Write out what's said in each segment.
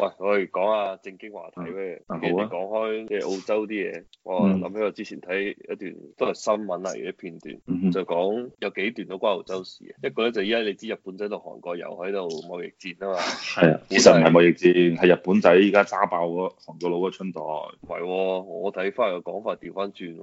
喂，我哋講下正經話題咩、嗯嗯？好啊，講開即係澳洲啲嘢，我諗、嗯、起我之前睇一段都係新聞嚟嘅片段，嗯、哼就講有幾段都關澳洲事嘅。一個咧就依家你知，日本仔到韓國又喺度貿易戰啊嘛。係啊，來其實唔係貿易戰，係日本仔依家揸爆嗰韓國佬嘅春袋。唔係、嗯哦，我睇翻個講法調翻轉，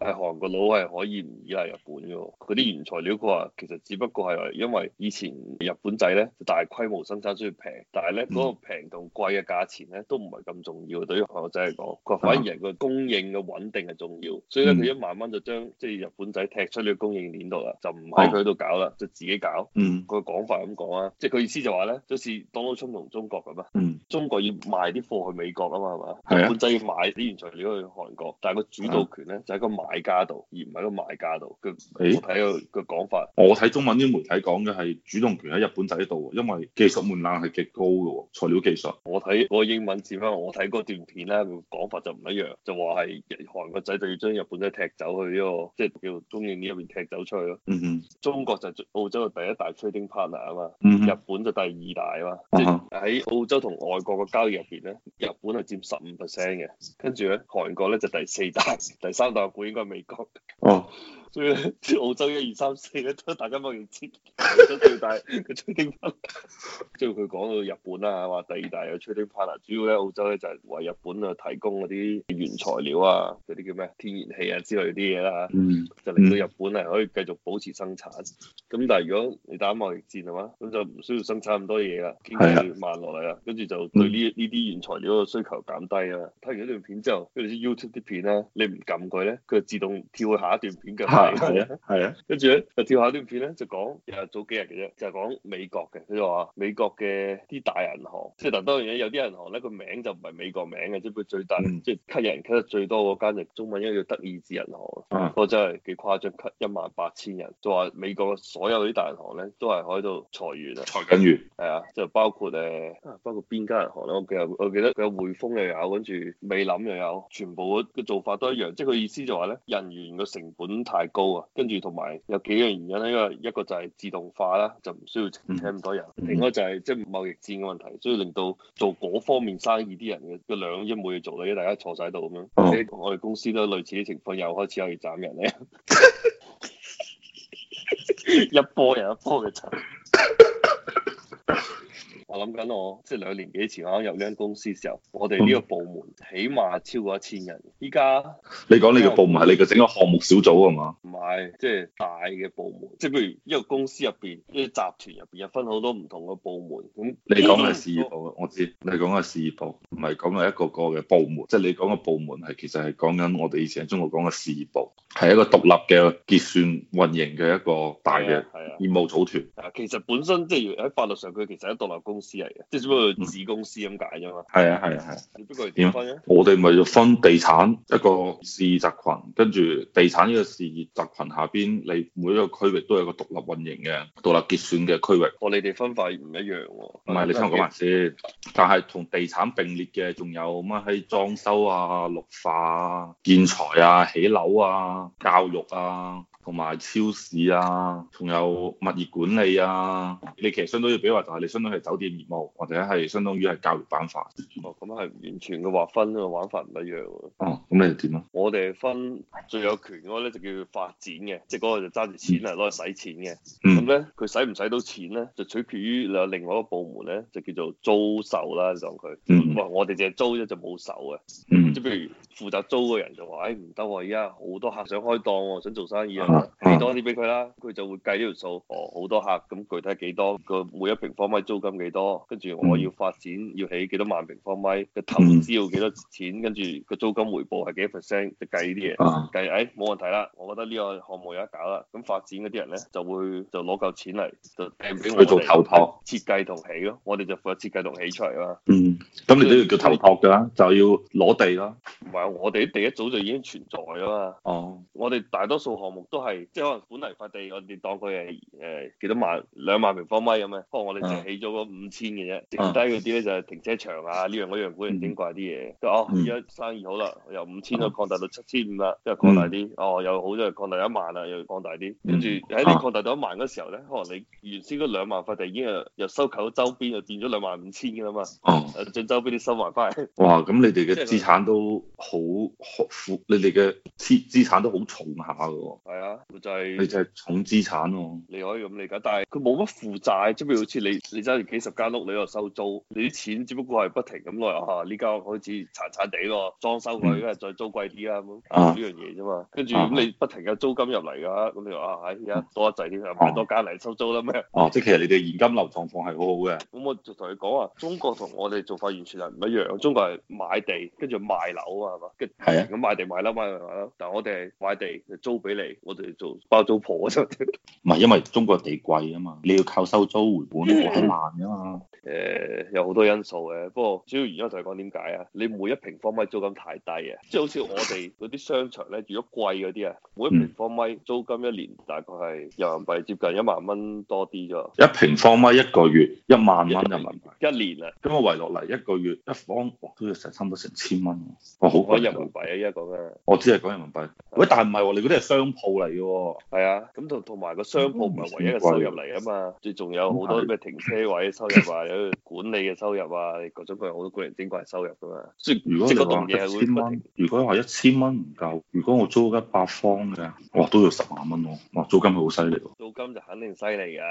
係韓國佬係可以唔依賴日本嘅。佢啲原材料佢話其實只不過係因為以前日本仔咧就大規模生產需要平，但係咧嗰個平到。嗯貴嘅價錢咧都唔係咁重要，對於韓國仔嚟講，佢反而係個供應嘅穩定係重要。所以咧，佢一慢慢就將即係日本仔踢出呢個供應鏈度啦，就唔喺佢度搞啦，啊、就自己搞。嗯。個講法咁講啊，即係佢意思就話咧，好似 Donald Trump 同中國咁啊。嗯。中國要賣啲貨去美國啊嘛，係嘛？係、啊、日本仔要買啲原材料去韓國，但係個主導權咧、啊、就喺個買家度，而唔喺個賣家度。誒。睇個個講法，我睇中文啲媒體講嘅係主動權喺日本仔度，因為技術門檻係極高嘅，材料技術。我睇嗰英文字翻，我睇嗰段片咧，講法就唔一樣，就話係日韓國仔就要將日本仔踢走去呢、這個，即係叫中印呢入邊踢走出去咯。嗯哼。中國就澳洲嘅第一大 trading partner 啊嘛。日本就第二大啊嘛，即係喺澳洲同外國嘅交易入邊咧。日本係佔十五 percent 嘅，跟住咧韓國咧就第四大，第三大股應該係美國。哦，所以澳洲一二三四咧都大家貿易戰，想最大嘅 Trading Partner。即係佢講到日本啦，話第二大嘅 Trading Partner，主要咧澳洲咧就係為日本啊提供嗰啲原材料啊，嗰啲叫咩天然氣啊之類啲嘢啦。嗯，就令到日本係可以繼續保持生產。咁但係如果你打貿易戰係嘛，咁就唔需要生產咁多嘢啦，經濟慢落嚟啦，跟住就對呢呢啲原材料，嗰個需求減低啊！睇完呢段片之後，跟住是 YouTube 啲片咧，你唔撳佢咧，佢就自動跳去下一段片㗎。係係啊，跟住咧就跳下一段片咧，啊啊啊啊，就講又係早幾日嘅啫，就係講美國嘅。佢就話美國嘅啲大銀行，即係嗱當然有啲銀行咧，個名就唔係美國名嘅，即係佢最大，嗯、即係 cut 人 cut 得最多嗰間就中文應該叫德意志銀行。嗯、啊，個真係幾誇張，cut 一萬八千人。就話美國所有啲大銀行咧，都係喺度裁員啊，裁緊緣員。係啊，就包括誒，包括邊間銀行咧？我記我記得。有匯豐又有，跟住美林又有，全部嘅做法都一樣，即係佢意思就話咧，人員嘅成本太高啊，跟住同埋有幾樣原因咧，因為一個就係自動化啦，就唔需要請咁多人，另外就係即係貿易戰嘅問題，所以令到做嗰方面生意啲人嘅嘅量已冇嘢做到。大家坐晒喺度咁樣，我哋公司都類似啲情況，又開始又斬人嚟， 一波又一波嘅 我諗緊我即係兩年幾前我入呢間公司嘅時候，我哋呢個部門起碼超過一千人。依家你講呢個部門係你嘅整個項目小組係嘛？唔係，即係大嘅部門，即係譬如一個公司入邊，呢個集團入邊有分好多唔同嘅部門。咁你講係事業部， 我知你講係事業部，唔係講係一個個嘅部門。即係你講嘅部門係其實係講緊我哋以前喺中國講嘅事業部，係一個獨立嘅結算運營嘅一個大嘅業務組團。啊，啊啊其實本身即係喺法律上佢其實係獨立公司。公司嚟嘅，即係只不過子公司咁解啫嘛。係啊，係啊，係啊。不過係點分咧？我哋咪要分地產一個事業集團，跟住地產呢個事業集團下邊，你每一個區域都有一個獨立運營嘅、獨立結算嘅區域。哦，你哋分法唔一樣喎。唔係，嗯、你聽我講埋先。但係同地產並列嘅，仲有乜喺裝修啊、綠化啊、建材啊、起樓啊、教育啊。同埋超市啊，仲有物業管理啊，你其實相當於比話就係你相當係酒店業務，或者係相當於係教育板塊。哦，咁係完全嘅劃分個玩法唔一樣喎。哦，咁你點啊？我哋分最有權嗰個咧就叫發展嘅，即係嗰個就揸住錢嚟攞嚟使錢嘅。咁咧佢使唔使到錢咧，就取決於有另外一個部門咧，就叫做租售啦。嗯、就佢，哇、嗯！我哋淨係租啫，就冇售嘅。即係譬如負責租嘅人就話，誒唔得喎，依家好多客想開檔，想做生意啊！嗯嗯嗯啊、起多啲俾佢啦，佢就會計呢條數。哦，好多客，咁具體係幾多？個每一平方米租金幾多？跟住我要發展，嗯、要起幾多萬平方米？嘅投資要幾多錢？嗯、跟住個租金回報係幾多 percent？就計呢啲嘢。計誒、啊，哎、冇問題啦，我覺得呢個項目有得搞啦。咁發展嗰啲人咧，就會就攞嚿錢嚟就訂俾我去做投托設計同起咯，我哋就負責設計同起出嚟啦。嗯，咁你都要叫做投托噶，所以就要攞地咯。話我哋第一組就已經存在啊嘛，oh. 我哋大多數項目都係即係可能本嚟塊地，我哋當佢係誒幾多萬兩萬平方米咁樣，不過我哋淨係起咗個五千嘅啫，剩低嗰啲咧就係停車場啊呢、uh. 樣嗰樣古靈精怪啲嘢。哦，依家、嗯、生意好啦，由五千就擴大到七千五啦，即係擴大啲。哦，又好就擴大，又擴大一萬啦，又擴大啲。跟住喺你擴大到一萬嗰時候咧，uh. 嗯 uh. 可能你原先嗰兩萬塊地已經又又收購周邊，又變咗兩萬五千嘅啦嘛。哦，uh. 將周邊啲收埋翻 哇，咁你哋嘅資產都～好，富你哋嘅資資產都好重下嘅喎。係啊，你就係、是、重資產喎、哦。你可以咁理解，但係佢冇乜負債，即係譬如好似你你揸住幾十間屋，你度收租，你啲錢只不過係不停咁落去，呢、啊、間開始殘殘地咯，裝修佢，跟住再租貴啲啊。咁呢、啊、樣嘢啫嘛。跟住咁你不停有租金入嚟㗎，咁你話啊，係而、啊、多一陣添，買多間嚟收租啦咩？哦、啊，即係其實你哋現金流狀況係好好嘅。咁我就同你講啊，中國同我哋做法完全係唔一樣，中國係買地跟住賣樓啊。係啊，咁、嗯、賣地賣啦，賣嚟賣啦。但係我哋賣地就租俾你，我哋做包租婆啫。唔係，因為中國地貴啊嘛，你要靠收租回本，好難啊嘛。誒、 欸，有好多因素嘅，不過主要原因就係講點解啊？你每一平方米租金太低啊，即係好似我哋嗰啲商場咧，如果貴嗰啲啊，每一平方米租金一年大概係人民幣接近 1, 一萬蚊多啲啫。一平方米一個月一萬蚊人民幣，hmm, 一年啊，咁我圍落嚟一個月一方、哦，都要成差唔多成千蚊。我、哦、好。講人民幣啊！依家講嘅，我只係講人民幣。喂，但係唔係喎？你嗰啲係商鋪嚟嘅，係啊。咁同同埋個商鋪唔係唯一嘅收入嚟啊嘛。仲仲有好多咩停車位收入啊，有管理嘅收入啊，各種各樣好多古靈精怪嘅收入㗎嘛。即係如果即係嗰棟嘢，如果話一千蚊唔夠，如果我租一百方嘅，哇都要十萬蚊喎！哇，租金係好犀利喎。租金就肯定犀利啊！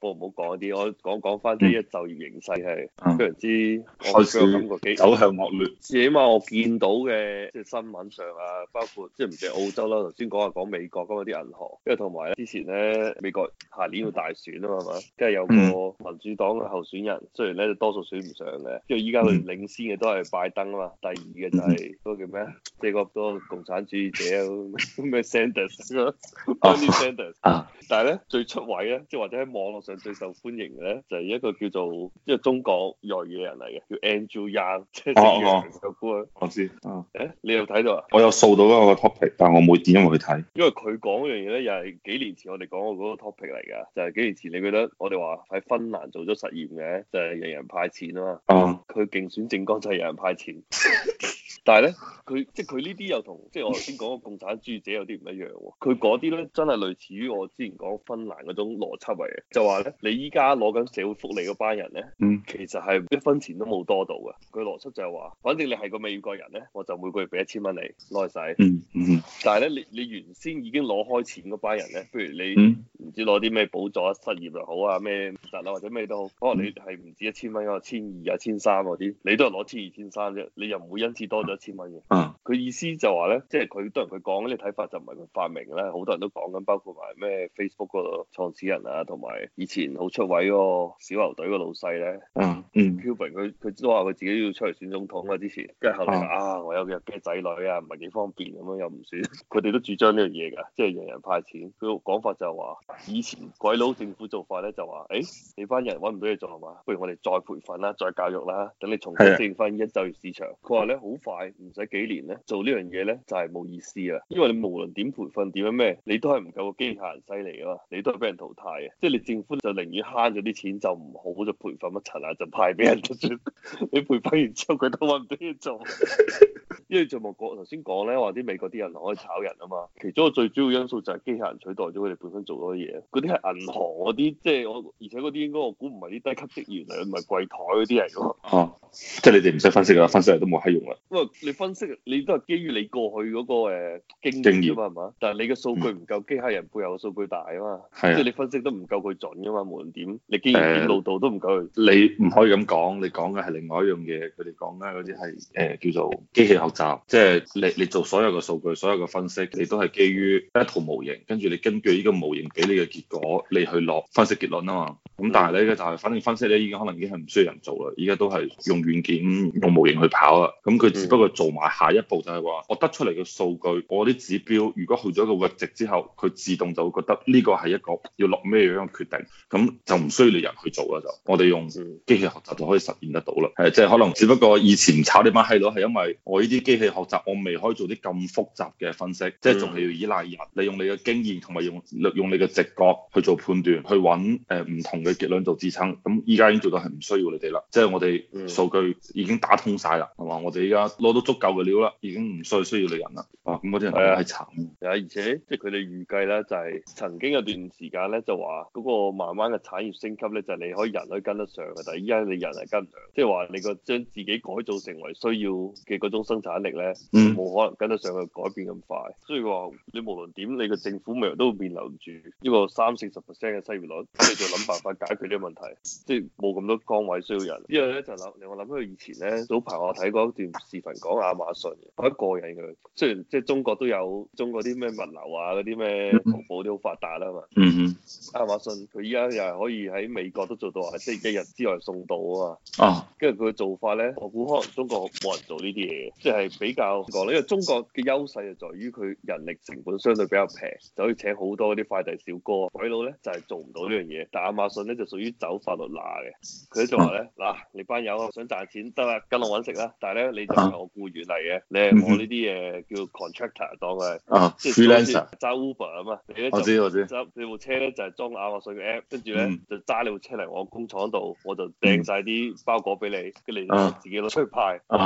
不過我唔好講啲，我講講翻呢一就業形勢係非常之，我嘅感覺幾走向惡劣。起碼我見到嘅。誒，即係新聞上啊，包括即係唔淨澳洲啦，頭先講下講美國嗰個啲銀行，因為同埋咧之前咧美國下年要大選啊嘛，即係有個民、mm. 民主黨嘅候選人，雖然咧多數選唔上嘅，因為依家佢領先嘅都係拜登啊嘛，第二嘅就係嗰個叫咩即係嗰個共產主義者啊，咩 Sanders，Bernie Sanders 啊，但係咧最出位咧，即係或者喺網絡上最受歡迎嘅咧，就係一個叫做即係中國裔嘅人嚟嘅，叫 Andrew Yang，即係叫 Andrew 誒、欸，你有睇到啊？我有掃到嗰個 topic，但係我冇點樣去睇，因為佢講嗰樣嘢咧，又係幾年前我哋講過嗰個 topic 嚟噶，就係、是、幾年前你覺得我哋話喺芬蘭做咗實驗嘅，就係、是、人人派錢啊嘛，佢競、啊、選政綱就係有人派錢。 但係咧，佢即係佢呢啲又同即係我頭先講個共產主義者有啲唔一樣喎、哦。佢嗰啲咧真係類似於我之前講芬蘭嗰種邏輯嚟嘅，就話咧你依家攞緊社會福利嗰班人咧，其實係一分錢都冇多到嘅。佢邏輯就係話，反正你係個美國人咧，我就每個月俾一千蚊你攞嚟使。嗯嗯、但係咧，你你原先已經攞開錢嗰班人咧，譬如你唔知攞啲咩補助失業又好啊、咩失啦或者咩都好，可能你係唔止一千蚊，啊，千二啊、千三嗰、啊、啲，你都係攞千二千三啫，你又唔會因此多咗千蚊嘅，佢意思就話咧，即係佢當然佢講啲睇法就唔係佢發明啦，好多人都講緊，包括埋咩 Facebook 度創始人啊，同埋以前好出位個小牛隊個老細咧、啊，嗯 Cuban 佢佢都話佢自己要出嚟選總統啊，之前，跟住後嚟啊，啊我有日嘅仔女啊，唔係幾方便咁樣又唔選，佢哋都主張呢樣嘢噶，即係人人派錢，佢講法就係話以前鬼佬政府做法咧就話，誒呢班人搵唔到嘢做係嘛，不如我哋再培訓啦，再教育啦，等你重新整翻一就業市場，佢話咧好快。唔使幾年咧，做呢樣嘢咧就係、是、冇意思啊！因為你無論點培訓，點樣咩，你都係唔夠個機械人犀利啊嘛，你都係俾人淘汰啊！即、就、係、是、你政府就寧願慳咗啲錢，就唔好就培訓一齊啊，就派俾人咗先。算 你培訓完之後，佢都揾唔到你做。 因為就冇講，頭先講咧話啲美國啲人可以炒人啊嘛，其中個最主要因素就係機械人取代咗佢哋本身做咗啲嘢。嗰啲係銀行嗰啲，即、就、係、是、我而且嗰啲應該我估唔係啲低級職員嚟，唔係櫃台嗰啲嚟咯。哦，即係你哋唔使分析啦，分析都冇閪用啦。不過，你分析你都係基於你過去嗰個誒經驗啊嘛，驗但係你嘅數據唔夠，機械人背後嘅數據大啊嘛，嗯、即係你分析都唔夠佢準噶嘛，無論點，你既然啲路度都唔夠佢。你唔可以咁講，你講嘅係另外一樣嘢，佢哋講嘅嗰啲係誒叫做機器學。就即係你，你做所有嘅數據，所有嘅分析，你都係基於一套模型，跟住你根據呢個模型俾你嘅結果，你去落分析結論啊嘛。咁但係咧就係，反正分析咧已經可能已經係唔需要人做啦，而家都係用軟件用模型去跑啦。咁佢只不過做埋下一步就係話，我得出嚟嘅數據，我啲指標，如果去咗個閾值之後，佢自動就會覺得呢個係一個要落咩樣嘅決定，咁就唔需要你人去做啦就。我哋用機器學習就可以實現得到啦。係，即係可能只不過以前炒啲班閪佬係因為我呢啲機器學習我未可以做啲咁複雜嘅分析，即係仲係要依賴人，利用你嘅經驗同埋用用你嘅直覺去做判斷，去揾誒唔同嘅結論做支撐，咁依家已經做到係唔需要你哋啦，即係我哋數據已經打通晒啦，係嘛、嗯？我哋依家攞到足夠嘅料啦，已經唔再需，需要你人啦。哇！咁嗰啲人係啊，慘。係而且即係佢哋預計咧、就係，就係曾經有段時間咧，就話嗰個慢慢嘅產業升級咧，就係、你可以人可以跟得上嘅，但係依家你人係跟唔上，即係話你個將自己改造成為需要嘅嗰種生產力咧，冇、嗯、可能跟得上佢改變咁快，所以話你無論點，你個政府未來都會面留唔住呢個三四十 percent 嘅失業率，你再諗辦法。解決呢個問題，即係冇咁多崗位需要人。依樣咧就諗，令我諗起以前咧，早排我睇過一段視頻講亞馬遜，我一個人嘅。雖然即係中國都有中國啲咩物流啊，嗰啲咩淘寶都好發達啦嘛。嗯哼。亞馬遜佢依家又係可以喺美國都做到話，即係一日之內送到嘛啊。哦。跟住佢嘅做法咧，我估可能中國冇人做呢啲嘢即係比較講咧。因為中國嘅優勢就係在於佢人力成本相對比較平，就可以請好多嗰啲快遞小哥。鬼佬咧就係做唔到呢樣嘢，但係亞馬遜咧就屬於走法律罅嘅，佢都仲話咧，嗱、啊啊、你班友我想賺錢得啊，跟我揾食啦，但係咧你就係我僱員嚟嘅，你係我呢啲嘢叫 contractor 當佢。啊 freelancer 揸 Uber 咁啊，我知我知，揸你部車咧就裝亞馬遜嘅 app，跟住咧就揸你部車嚟我工廠度，我就掟晒啲包裹俾你，跟住你自己攞出去派就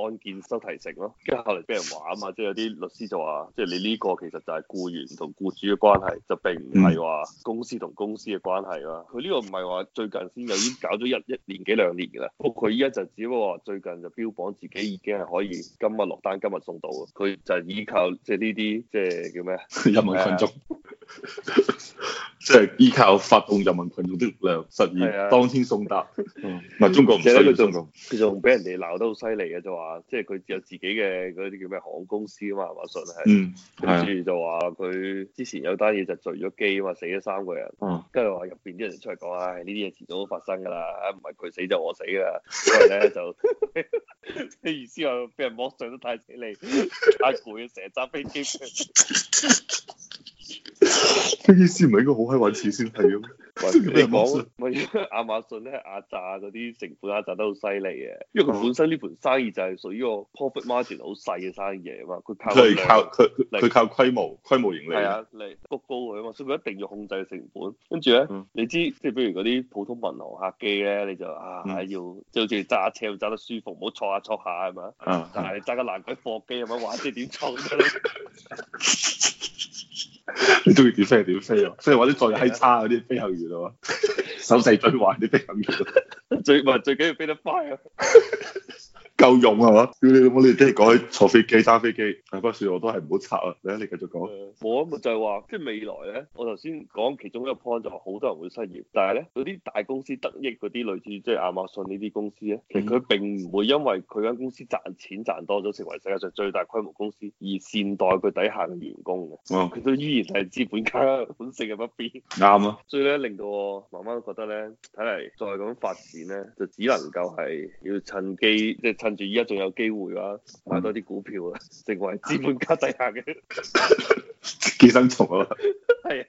按件收提成咯，跟住、啊啊、 後嚟俾人玩啊嘛，即係有啲律師就話，即係你呢個其實就係僱員同僱主嘅關係，就並唔係話公司同公司嘅關係。嗯嗯佢呢個唔係話最近先有已經搞咗一一年幾兩年噶啦，佢依家就只不過話最近就標榜自己已經係可以今日落單，今日送到嘅。佢就係依靠即係呢啲即係叫咩啊？ 人民羣群眾麼。 即係 依靠發動人民群眾的力量，實現當天送達。唔係中國唔需要中共，佢仲俾人哋鬧得好犀利嘅，就話即係佢有自己嘅嗰啲叫咩航空公司啊嘛，係嘛信係。跟住就話佢之前有單嘢就墜咗機啊嘛，死咗三個人。跟住話入邊啲人出嚟講，唉、哎，呢啲嘢遲早都發生噶啦，唔係佢死就我死噶啦。所以咧就，你 意思話俾人剝削都太犀利，太攰，成日揸飛機。 飛機師唔係應該好閪揾錢先係咁？你講唔係亞馬遜咧，壓榨嗰啲成本壓榨得好犀利嘅，因為佢本身呢盤生意就係屬於個 profit margin 好細嘅生意嚟啊嘛，佢靠佢係靠佢佢靠規模規模盈利啊，嚟谷高佢啊嘛，所以佢一定要控制成本。跟住咧，你知即係比如嗰啲普通民航客機咧，你就啊要即係好似揸車要揸得舒服，唔好錯下錯下係嘛？但係你揸個爛鬼貨機係咪話知點錯你中意點飛，飛、啊、就點飛喎，即係話啲最係差嗰啲飛行員喎、啊，手勢最壞。啲飛行員咯、啊，最唔最緊要飛得快啊！夠用係嘛？屌你老母！你即係講起坐飛機、揸飛機，係、啊、不説我都係唔好插啊！嚟你繼續講。冇啊、嗯，就係、是、話，即係未來咧，我頭先講其中一個 point 就話、是、好多人會失業，但係咧嗰啲大公司得益嗰啲，類似即係亞馬遜呢啲公司咧，其實佢並唔會因為佢間公司賺錢賺多咗，成為世界上最大規模公司而善待佢底下嘅員工嘅。哦。佢都依然係資本家本性嘅不變。啱啊！所以咧，令到我慢慢覺得咧，睇嚟再咁發展咧，就只能夠係要趁機即係、就是、趁。趁住依家仲有機會啊，買多啲股票啊，成為資本家底下嘅寄生蟲啊，係啊。